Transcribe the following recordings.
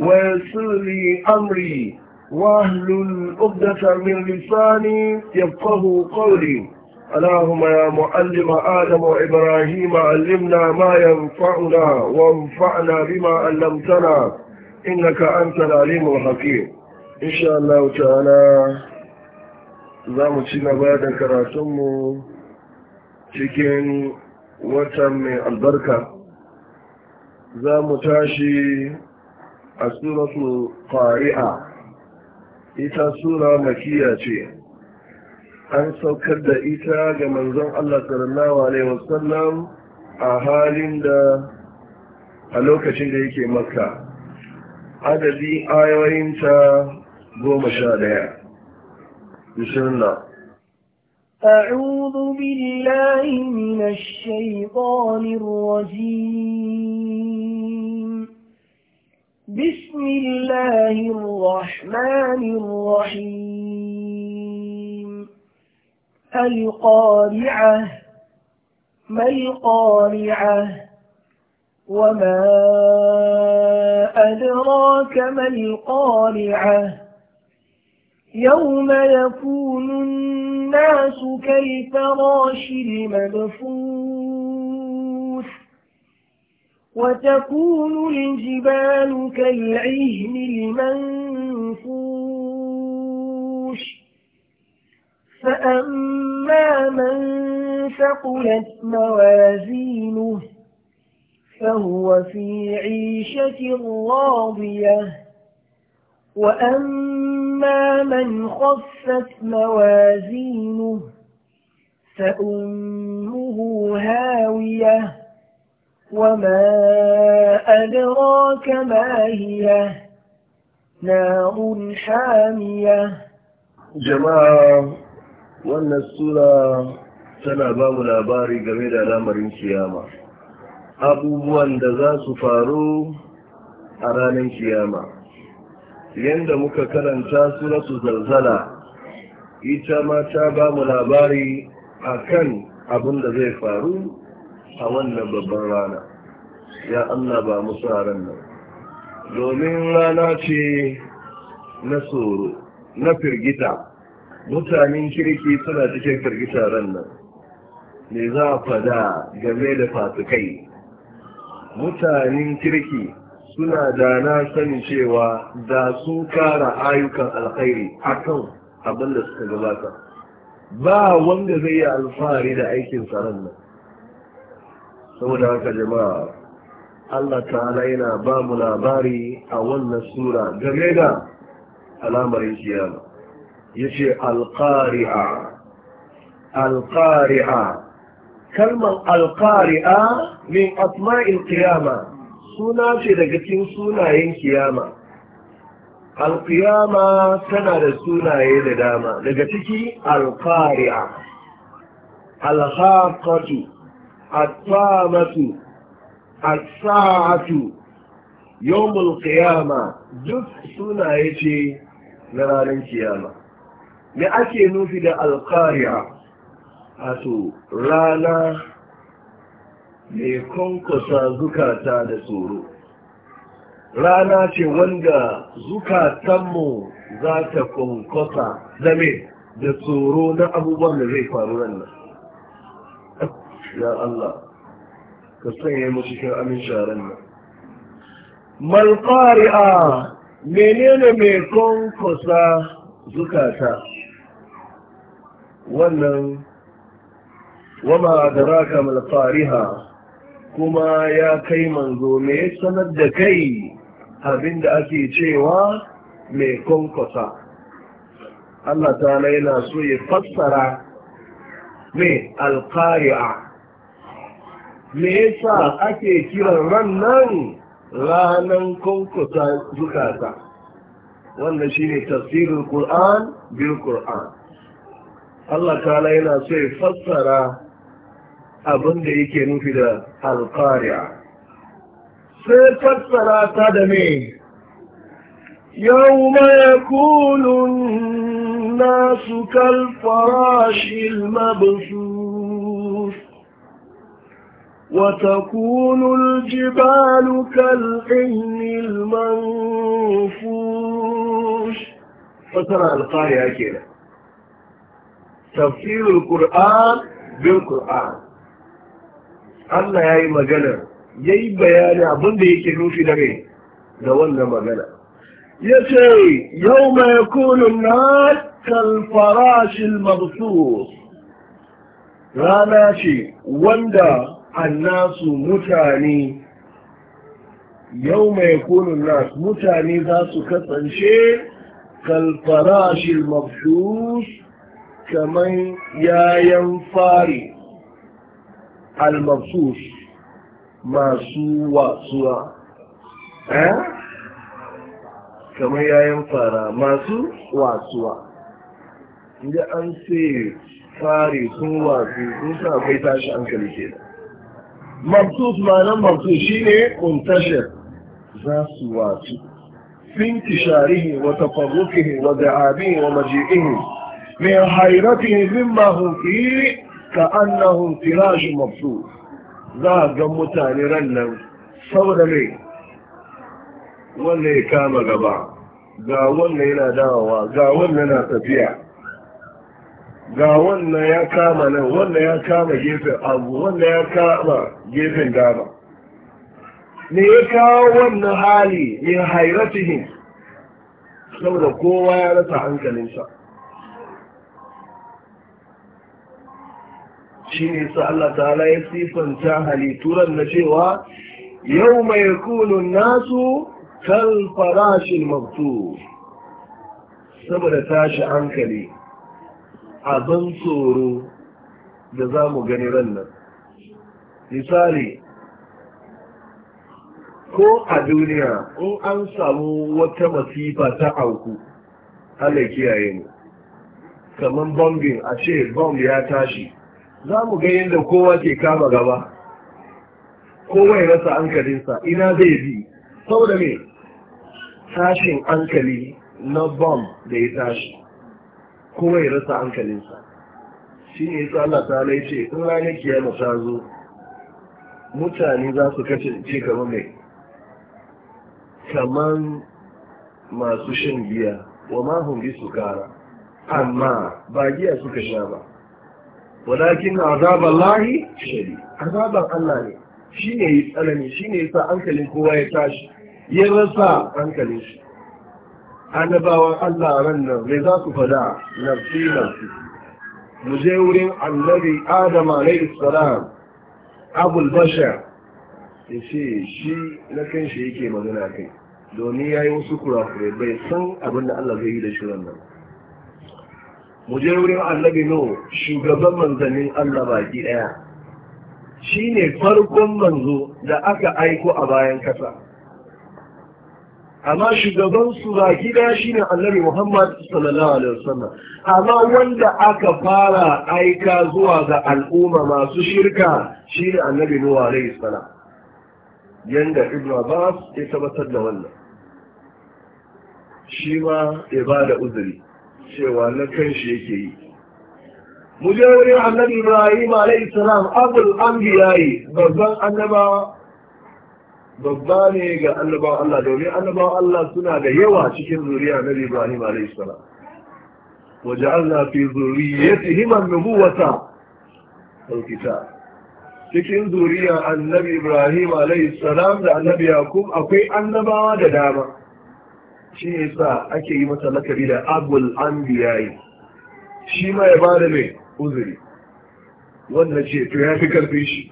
ويسر لي أمري واهل الأبدة من لساني يفقه قولي اللهم يا معلم آدم وإبراهيم علمنا ما ينفعنا وانفعنا بما علمتنا إنك أنت العليم الحكيم إن شاء الله تعالى زام تشينا بعد كراتم cikin وتم البركة albarka تاشي a suratu Fari'a, ita sura makiya ce an saukar da ita ga manzon Allah sallallahu alaihi wasallam a halin da a lokacin da yake makka adadi ayoyinta goma sha ɗaya أعوذ بالله من الشيطان الرجيم بسم الله الرحمن الرحيم القارعة ما القارعة وما أدراك ما القارعة يوم يكون الناس كالفراش المبثوث وتكون الجبال كالعهن المنفوش فأما من ثقلت موازينه فهو في عيشة راضية وأما من خفت موازينه فأمه هاوية وما أدراك ما هي نار حامية جماعة وأن السورة tana ba mu labari game da lamarin kiyama abubuwan da za su faru a ranar kiyama yadda muka karanta suratu zalzala ita ma ta ba mu labari akan abin da zai faru a wannan babban rana ya Allah ba musu tsaron nan domin rana ce na tsoro na firgita mutanen kirki suna cikin firgita ran nan me za a fada game da fasikai mutanen kirki suna da na sani cewa da su kara ayyukan alkhairi akan abin da suka gabata ba wanda zai yi alfahari da aikin tsaron nan saboda haka jama'a Allah ta'ala yana ba mu labari a wannan sura game da al'amarin kiyama yace alqari'a alqari'a kalmar alqari'a min asma'il Kiyama suna ce daga cikin sunayen kiyama alqiyama tana da sunaye da dama daga ciki alqari'a alhaqatu الطامة الساعة يوم القيامة duk sunaye ce na ranar kiyama me ake nufi da alkariya wato rana mai konkusa zukata da tsoro rana ce wanda zukatanmu za ta konkusa zame da tsoro na abubuwan da zai faru nan ya Allah ka sanya mu cikin amincin nan malqari'a menene mai konkosa zukata wannan wama adraka malqariha kuma ya kai manzo me sanar da kai abin da ake cewa mai konkosa Allah ta yana so ya fassara mai alƙari'a me yasa ake kiran ran nan ranan kunkuta zukata wannan shine tafsirul qur'an bil qur'an Allah ta'ala yana so ya fassara abin da yake nufi da alqari'a sai fassara ta da me يوم nasu kal farashil mabsuu وتكون الجبال كالعين المنفوش فترى القارئ كده تفسير القرآن بالقرآن الله يأي مجنة يأي بيانة من دي كنوفي نبي دولنا يا يسي يوم يكون الناس كالفراش المبسوط لا ماشي وندا annasu mutane yau mai kunun nas mutane za su kasance kalfarashin mafshus kamar yayan fari almafshus masu watsuwa eh kamar yayan fara masu wasuwa, inda an sai fari sun watsu sun sa kai tashi hankali ke mabsus ma'anan mabsus shi ne muntashir za su wasu fin tisharihi wa tafarrukihi wa da'abihi wa maji'ihi min hairatihi mimma hum fi ka annahum firashu mabsus za a ga mutane ran nan saboda mai wannan ya kama gaba ga wannan yana dawowa ga wannan na tafiya ga wannan ya kama nan wannan ya kama gefen abu wannan ya kama gefen dama. ne ya kawo wannan hali ne hairatihim saboda kowa ya rasa hankalinsa shi ne su Allah ta'ala ya ta halitturan na cewa yau mai kunun nasu kan farashin mabtu saboda tashi hankali abin tsoro da za mu gani ran nan misali ko a duniya in an samu wata masifa ta auku Allah kiyaye mu kamar bombin a ce bomb ya tashi za mu ga yadda kowa ke kama gaba kowa ya rasa hankalinsa ina zai bi sau da me tashin hankali na bomb da ya tashi kowa ya rasa ankalinsa shi ne tsallata Allah ce in ranar kiyama ta zo mutane za su ce kamar mai kamar masu shan giya wa mahun bi su kara amma ba giya suka sha ba walakin azaban lahi shari azaban Allah ne shi ne yi tsanani shi ne yasa hankalin kowa ya tashi ya rasa hankalin shi annabawan Allah ran nan mai za su fada na fi mu je wurin annabi Adam alaihi salam abul basha ya ce shi na kan shi yake magana kai domin ya yi wasu kurakure bai san abin da Allah zai yi da shirin nan mu je wurin annabi no shugaban manzannin Allah baki daya ne farkon manzo da aka aiko a bayan kasa amma shugaban su ba gida shine annabi Muhammad sallallahu alaihi wasallam amma wanda aka fara aika zuwa ga al'umma masu shirka shine annabi Nuhu alaihi salam yanda Ibn Abbas ya tabbatar da wannan shi ma ya ba da uzuri cewa na kanshi yake yi mu wurin annabi Ibrahim alaihi salam abul anbiya'i babban annabawa babba ne ga Annabawa Allah domin annabawa Allah suna da yawa cikin zuriya na Ibrahim alaihi salam wa ja'alna fi zurriyyatihim an-nubuwata wal kitab cikin zuriya annabi Ibrahim alaihi salam da annabi Yaqub akwai annabawa da dama shi yasa ake yi mata lakabi da abul anbiya'i shi ma ya bada mai uzuri wannan ce to ya fi karfin shi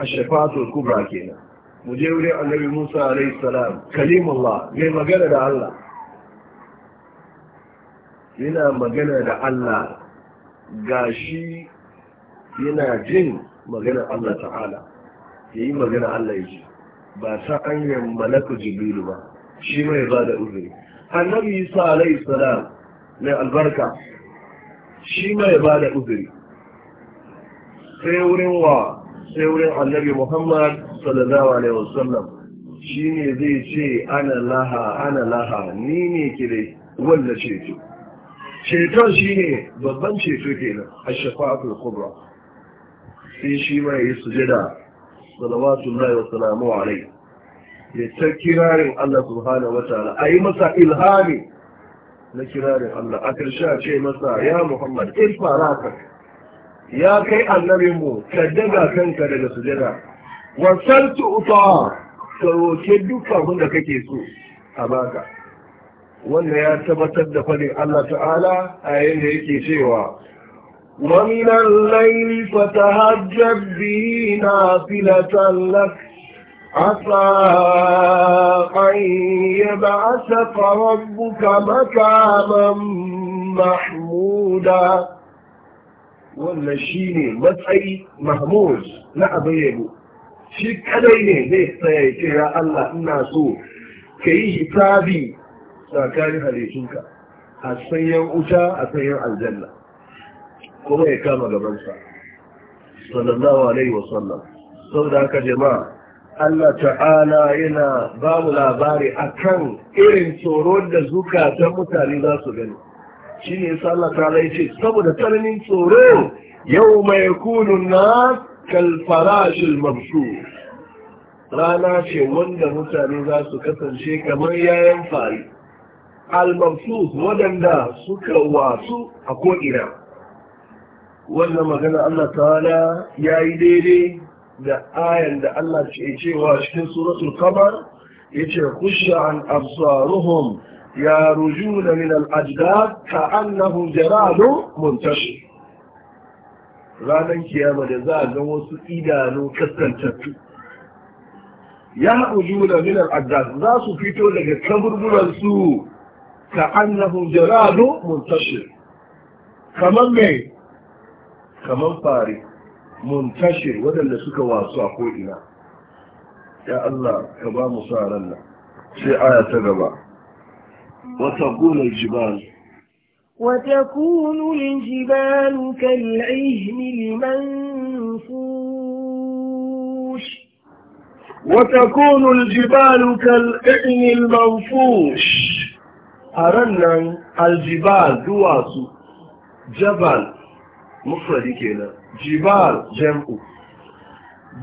الشفاعة الكبرى كينا مجيولي النبي موسى عليه السلام كليم الله ليه مجالة دا الله لنا مجالة دا الله gashi yana jin magana Allah ta'ala ya yi maganar Allah ya ji ba ta hanyar malakar jibrilu ba shi mai ba da uzuri annabi isa alaihi salam mai albarka shi mai ba da uzuri sai wurin wa sai wurin annabi muhammad sallallahu alaihi wasallam shi ne zai ce ana laha ana laha ni ne kire wanda ceto ceton shi ne babban ceto kenan a shafafin kubra sai shi mai yi sujada wasu wa salamu rai. ya ta kirarin Allah subhanahu wa ta'ala a yi masa ilhami na kirarin Allah a ƙarshe a ce masa ya Muhammad irfa raka ya kai annabin mu daga kanka daga sujada wasal uta ka roke duk abin da kake so a baka Wannan ya tabbatar da fadin Allah ta'ala a da yake cewa ومن الليل فتهجد به ya ba a أن يبعثك ربك مكاما mahmuda wannan shi ne matsayi mahmud na abin yabo shi kadai ne zai tsaya ya ce ya Allah ina so ka yi hisabi tsakanin halittunka a sanyan wuta a sanyan aljanna kuma ya kama gabansa sallallahu alaihi wasallam da aka jama'a Allah ta'ala yana ba mu labari akan irin tsoron da zukatan mutane za su gani shi ne yasa Allah ta ce saboda tsananin tsoro yau mai kunun na kalfarashin mabsu rana ce wanda mutane za su kasance kamar yayan fari al waɗanda suka wasu a ko'ina wannan magana Allah ta'ala ya yi daidai da ayan da Allah ce cewa cikin suratul kamar ya ce kushe an absaruhum يرجون من الأجداد كأنه جراد منتشر ranar kiyama da za a gan wasu idanu kaskantattu ya uju da minar addas za su fito daga kaburburansu ka annahu jaradu muntashir kamar mai kamar fari muntashir waɗanda suka wasu a ko'ina ya Allah ka ba mu sa ran nan sai aya ta gaba وتكون الجبال وتكون الجبال كالعهن المنفوش وتكون الجبال كالعهن المنفوش أرنا الجبال دواس جبل مفرد كده جبال جمع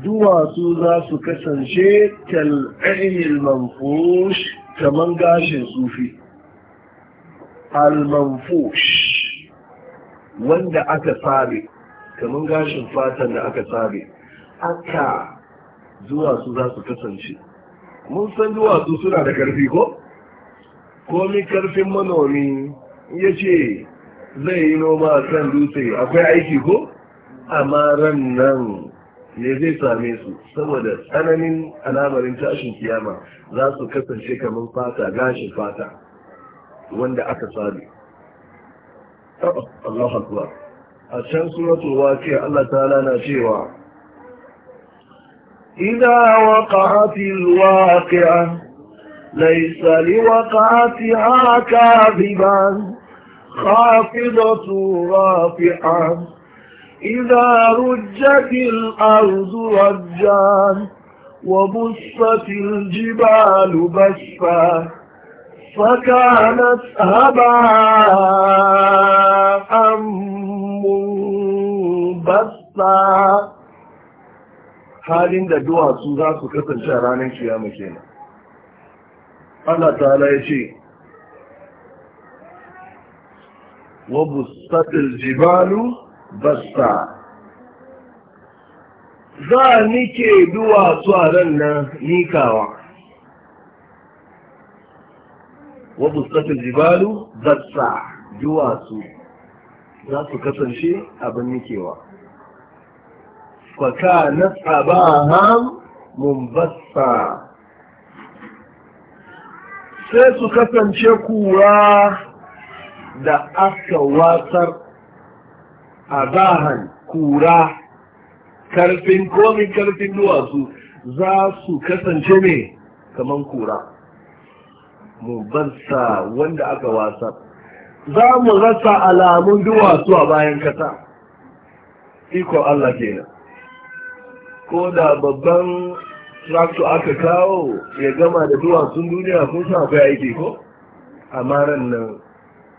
دواس za su كالعهن المنفوش manfush kamar gashin Almanfush, wanda aka sabe kamar gashin fatan da aka sabe aka duwatsu za su kasance mun san duwatsu suna da karfi ko komi karfin manomi ya ce zai yi noma kan dutse akwai aiki ko amma ran nan ne zai same su saboda tsananin alamarin tashin kiyama za su kasance kamar fata gashin fata wanda aka sami Allah akbar a can suratu waqi'a Allah ta'ala na cewa idza waqa'atil waqi'a laysa liwaqa'atiha kadhiban خافضة rafi'an إذا رجت الأرض رجا وبصت الجبال بشفا فكانت هباء منبثا halin da duwatsu za su kasance a ranar kiyama kenan Allah ta'ala ya ce Wabu bustatil jibalu basta za a nike duwatsu a ran nan nikawa wa busatul jibalu bassa duwatsu za su kasance abin nikewa faka na tsabaham mumbassa sai su kasance kura da aka watsar abahan kura karfin komin karfin duwatsu za su kasance ne kaman kura Mu bansa wanda aka wasa za mu rasa alamun duwatsu a bayan kasa iko Allah kenan ko da babban traktor aka kawo ya gama da duwatsun duniya kun sa akwai aiki ko amma ran nan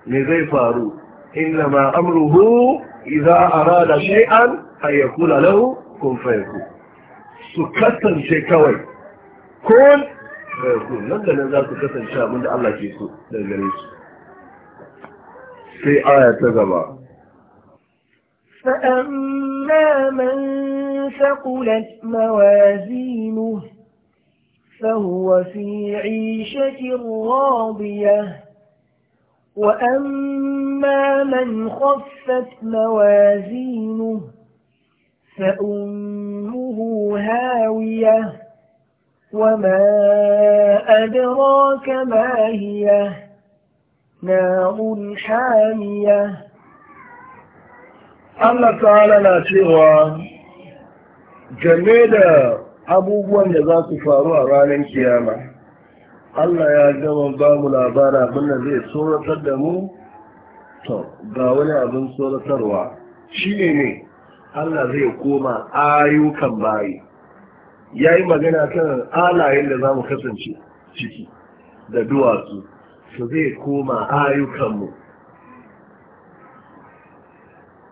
me zai faru inna ma amruhu idza arada shay'an ay yakula lahu kun fayku su kasance kawai ko في آية تقبع فأما من ثقلت موازينه فهو في عيشة راضية وأما من خفت موازينه فأمه هاوية وما أدراك ما هي نار حامية Allah ta'ala na cewa game da abubuwan da za su faru a ranar kiyama Allah ya gama ba mu labara abin da zai tsoratar da mu to ga wani abin tsoratarwa shi ne ne Allah zai koma ayyukan bayi ya yi magana kan alayen da za mu kasance ciki da duwatsu su zai koma ayyukanmu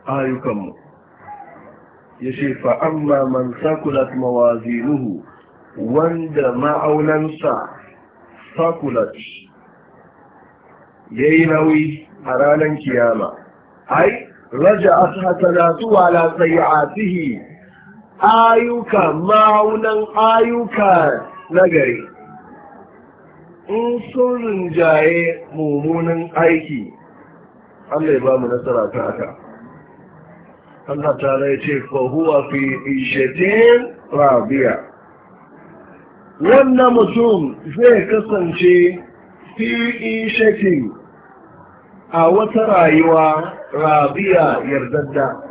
ayyukanmu ya ce fa'amma man sakulat mawazinuhu wanda ma'aunansa sakulat ya yi nauyi a ranar kiyama ai raja a hasanatu a a ayyuka ma'aunan ayyuka nagari in sun rinjaye mummunan aiki Allah ya ba mu nasara ta haka Allah ta rai ce fahuwa fi ishetin rabia wannan mutum zai kasance fi ishetin a wata rayuwa rabia yardadda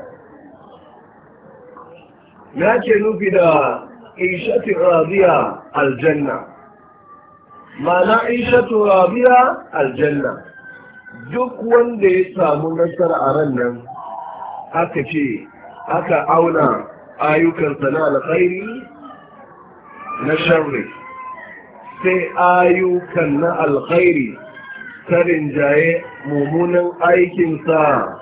na ke nufi da ishatu Rabi'a aljanna mana ishatu Rabi'a aljanna duk wanda ya samu nasara a ran nan aka ce aka auna ayyukansa na alkhairi na sharri sai ayyukan na alkhairi ta rinjaye mummunan aikinsa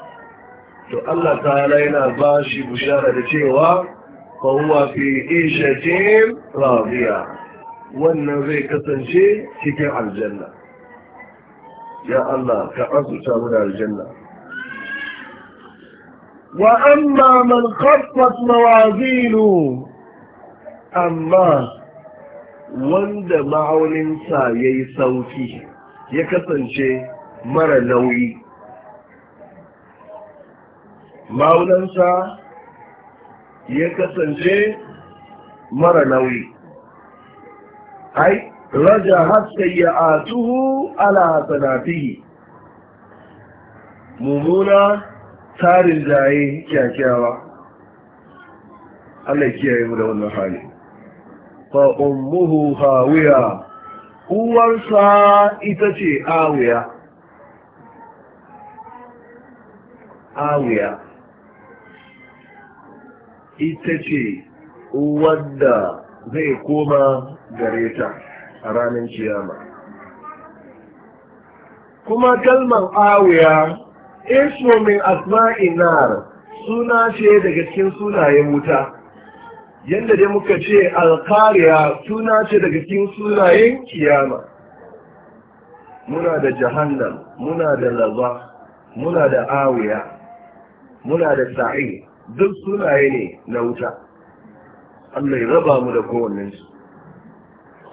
to Allah ta yana ba shi bushara da cewa fahuwa fi ishatin rabiya wannan zai kasance cikin aljanna ya Allah ka azuta mu aljanna wa amma man khaffat mawazinu amma wanda ma'auninsa yayi sauki ya kasance mara nauyi ma'aunansa ya kasance mara nauyi ai raja atuhu ala sanatihi mumuna tarin jaye kyakkyawa Allah kiyaye mu da wannan hali fa ummuhu hawiya uwarsa ita ce awiya awiya ita ce wadda zai koma gare ta a ranar kiyama kuma kalmar awiya ismo min asma'in nar suna ce daga cikin sunayen wuta yadda dai muka ce alkariya suna ce daga cikin sunayen kiyama muna da jahannam muna da lazar muna da awiya muna da sa'i duk sunaye ne na wuta Allah ya raba mu da kowannen su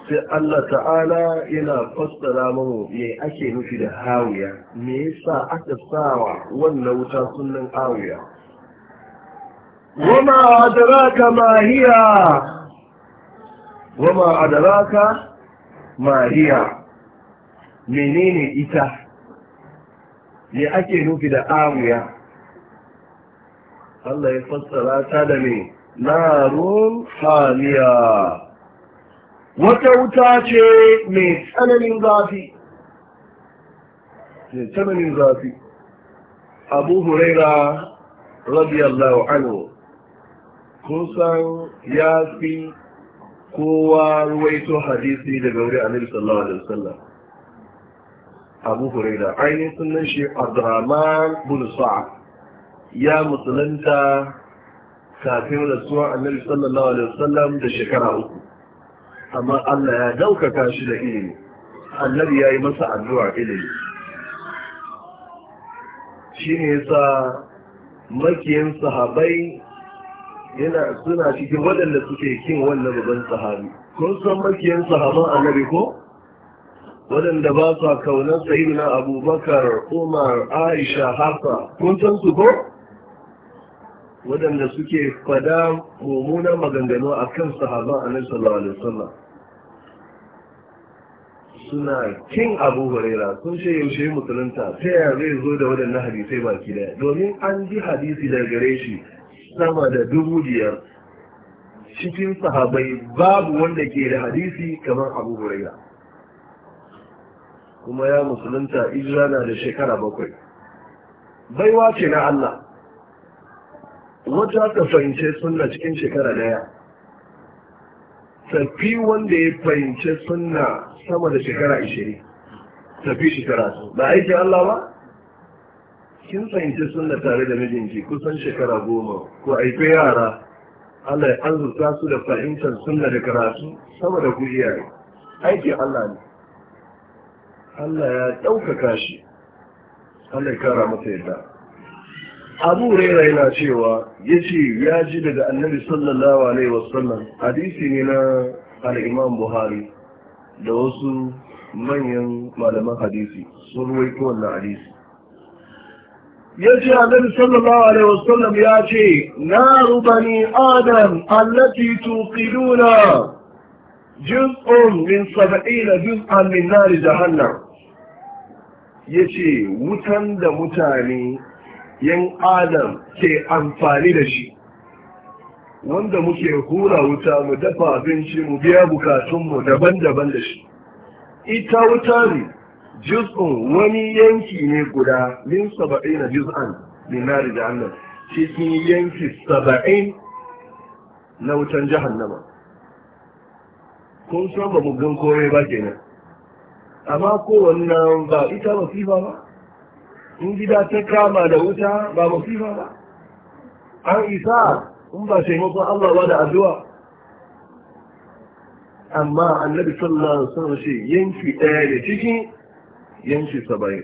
sai Allah ta'ala yana fassara mu me ake nufi da hawiya me yasa aka sawa wannan wuta sunan hawiya wama adraka ma hiya wama adraka ma hiya menene ita me ake nufi da hawiya Allah ya fassara ta da me narun haliya. wata wuta ce mai tsananin zafi mai tsananin zafi abu huraira radiyallahu anhu kun san ya fi kowa ruwaito hadisi daga wuri annabi sallallahu alaihi wasallam abu huraira ainihin sunan shi abdurrahman bin sa'ad ya musulunta kafin rasuwa annabi sallallahu alaihi wasallam da shekara uku amma Allah ya daukaka shi da ilimi annabi ya yi masa addu'a ilimi shi ne sa makiyin sahabai yana suna cikin waɗanda suke kin wannan babban sahabi kun san makiyan sahaban annabi ko waɗanda ba sa kaunar na abubakar umar aisha hafsa kun san su ko waɗanda suke fada mummunan maganganu a kan sahaban nan sallallahu alaihi wasallam suna kin abu hurera sun ce yaushe musulunta ta yaya zai zo da waɗannan hadisai baki daya domin an ji hadisi daga gare shi sama da dubu biyar cikin sahabai babu wanda ke da hadisi kamar abu hurera kuma ya musulunta ijira na da shekara bakwai baiwa ce na Allah wata ka fahimce suna cikin shekara daya tafi wanda ya fahimce suna sama da shekara ishiri tafi shekara su ba aiki Allah ba kin fahimce suna tare da mijinki kusan shekara goma ko aiki yara Allah ya arzuta su da fahimtar suna da karatu sama da ku iyaye aiki Allah ne Allah ya ɗaukaka shi Allah ya kara masa yadda abu raira yana cewa ya ce ya ji daga annabi sallallahu alaihi wasallam hadisi ne na al'imam buhari da wasu manyan malaman hadisi sun ruwaito wannan hadisi ya ce annabi sallallahu alaihi wasallam ya ce na rubani adam allati tuqiduna juz'un min sab'ina juz'an min nari jahannam ya ce wutan da mutane yan adam ke amfani da shi wanda muke hura wuta mu dafa abinci mu biya bukatunmu daban-daban da shi ita wuta ne juz'un wani yanki ne guda min saba'in na juz'an minari da annan cikin yanki saba'in na wutan jihannama kun san ba mu gan kore ba nan. amma kowannan ba ita masifa ba in gida ta kama da wuta ba musifa ba an isa in ba shaimakon Allah ba da addu'a amma annabi sallallahu alaihi wasallam shi yanki ɗaya da ciki yanki saba'in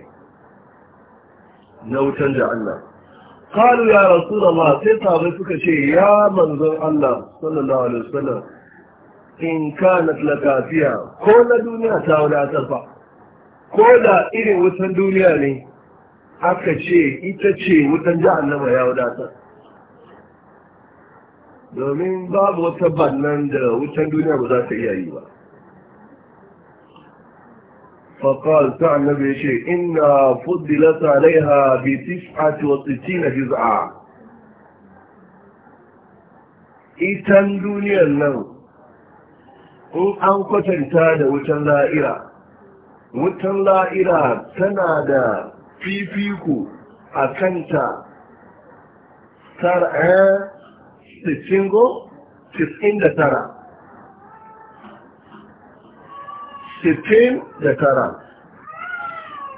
na wutan da Allah Kalu ya rasu da ma sai تتابع suka ce ya manzon Allah sallallahu alaihi wasallam in ka kanat lakafiya ko na duniya ta wadatar fa ko da irin wutan duniya ne aka ce ita ce wutan jahannama ya wadatar domin babu wata bannan da wutan duniya ba za ta iya yi ba faƙal ta annabi ya ce ina fuddilata ha bi tis'ati wa sittina juz'a itan duniyar nan in an kwatanta da wutan la'ira wutan la'ira tana da fifiko a kanta tara eh, sittingo sittin da tara da tara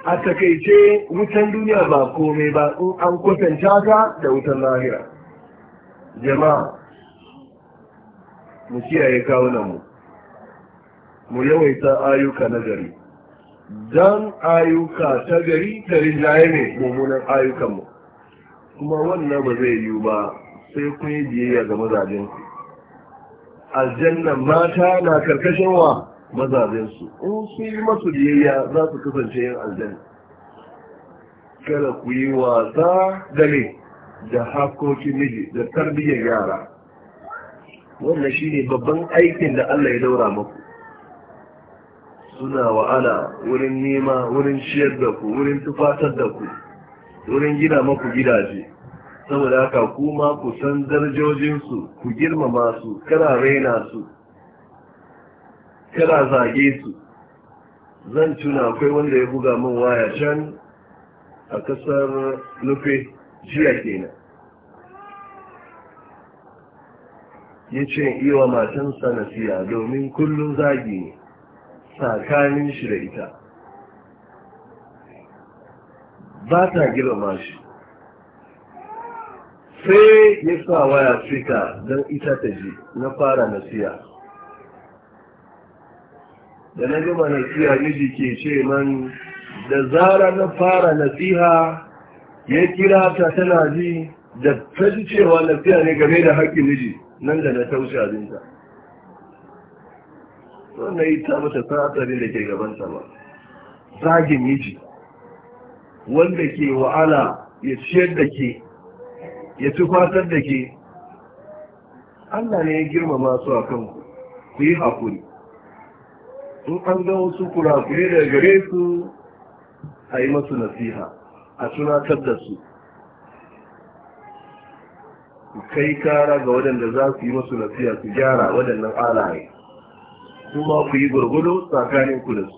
a takaice wutan duniya ba komai ba in an kwatanta ta da wutan lahira jama'a mu kiyaye kawunanmu mu yawaita ayyuka nagari don ayyuka ta gari ta rinjaye ne mummunan ayyukanmu kuma wannan ba zai yiwu ba sai kun yi biyayya ga mazajensu aljannan mata na karkashin wa mazajensu in su yi masu biyayya za su kasance yin aljanna kada ku yi wasa da da hakokin miji da tarbiyyar yara wannan ne babban aikin da Allah ya daura maku? suna wa'ala wurin nema wurin ciyar da ku wurin tufatar da ku wurin gina maku gidaje saboda haka kuma ku san darajojinsu ku girmama su kana raina su kana zage su zan tuna akwai wanda ya buga min waya can a kasar nufe jiya kenan ya ce iya wa matansa nasiya domin kullum zagi ne tsakanin shi da ita ba ta girma shi sai ya sa waya fita don ita ta ji na fara nasiya da na gama nasiya miji ke ce man da zara na fara nasiha ya kira ta tana ji da ta ji cewa nasiya ne game da haƙƙin miji nan da na taushe abinta wannan yi ta mata tsatsarin da ke gabanta ba zagin miji wanda ke wa'ala ya ciyar da ke ya tufatar da ke Allah ne ya girmama su a kanku ku yi haƙuri in an ga wasu kurakure da gare su a yi masu nasiha a tunatar da su kai kara ga waɗanda za su yi masu nasiha su gyara waɗannan alaye kuma ku yi gurgudu tsakanin ku da su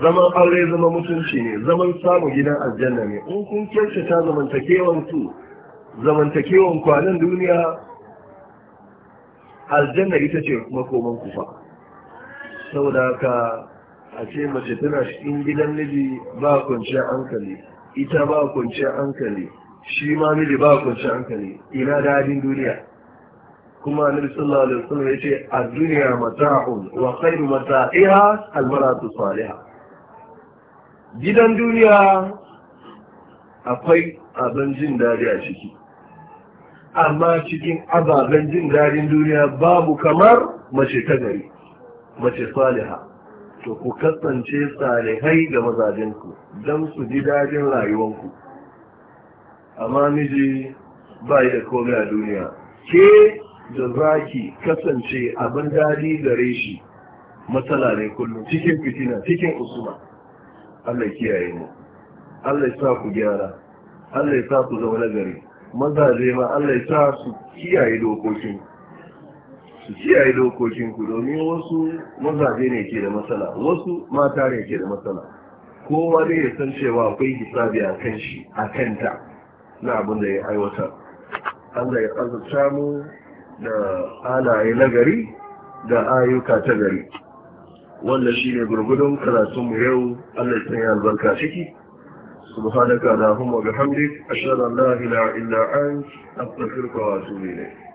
zaman aure zama mutunci ne zaman samun gidan aljanna ne in kun ta zamantakewan su zamantakewan kwanan duniya aljanna ita ce kuma koman kufa saboda haka a ce mace tana cikin gidan miji ba kwanciyar hankali ita ba kwanciyar hankali shi ma miji ba kwanciyar hankali ina dadin duniya kuma annabi sallallahu alaihi wasallam yace ad-dunya mata'un wa khairu mata'iha al-mar'atu salihah gidan duniya akwai abin jin dadi a ciki amma cikin ababen jin dadin duniya babu kamar mace ta gari mace saliha to ku kasance salihai ga mazajenku don su ji dadin rayuwanku amma miji ba da komai a duniya ke da za ki kasance abin daɗi gare shi matsala ne kullum cikin fitina cikin usuma Allah kiyaye mu Allah ya sa ku gyara Allah ya sa ku zama nagari mazaje ma Allah ya sa su kiyaye dokokin su kiyaye dokokin ku domin wasu mazaje ne ke da matsala wasu mata ne ke da matsala kowa ne ya san cewa akwai hisabi a kan shi a kanta na abin da ya aiwatar Allah ya azurta mu da halaye na gari da ayyuka ta gari wannan shi ne gurgudun karatunmu yau allah ta yi albarka ciki subhanaka allahumma bihamdik ashhadu an la ilaha illa an astaghfiruka wa atubu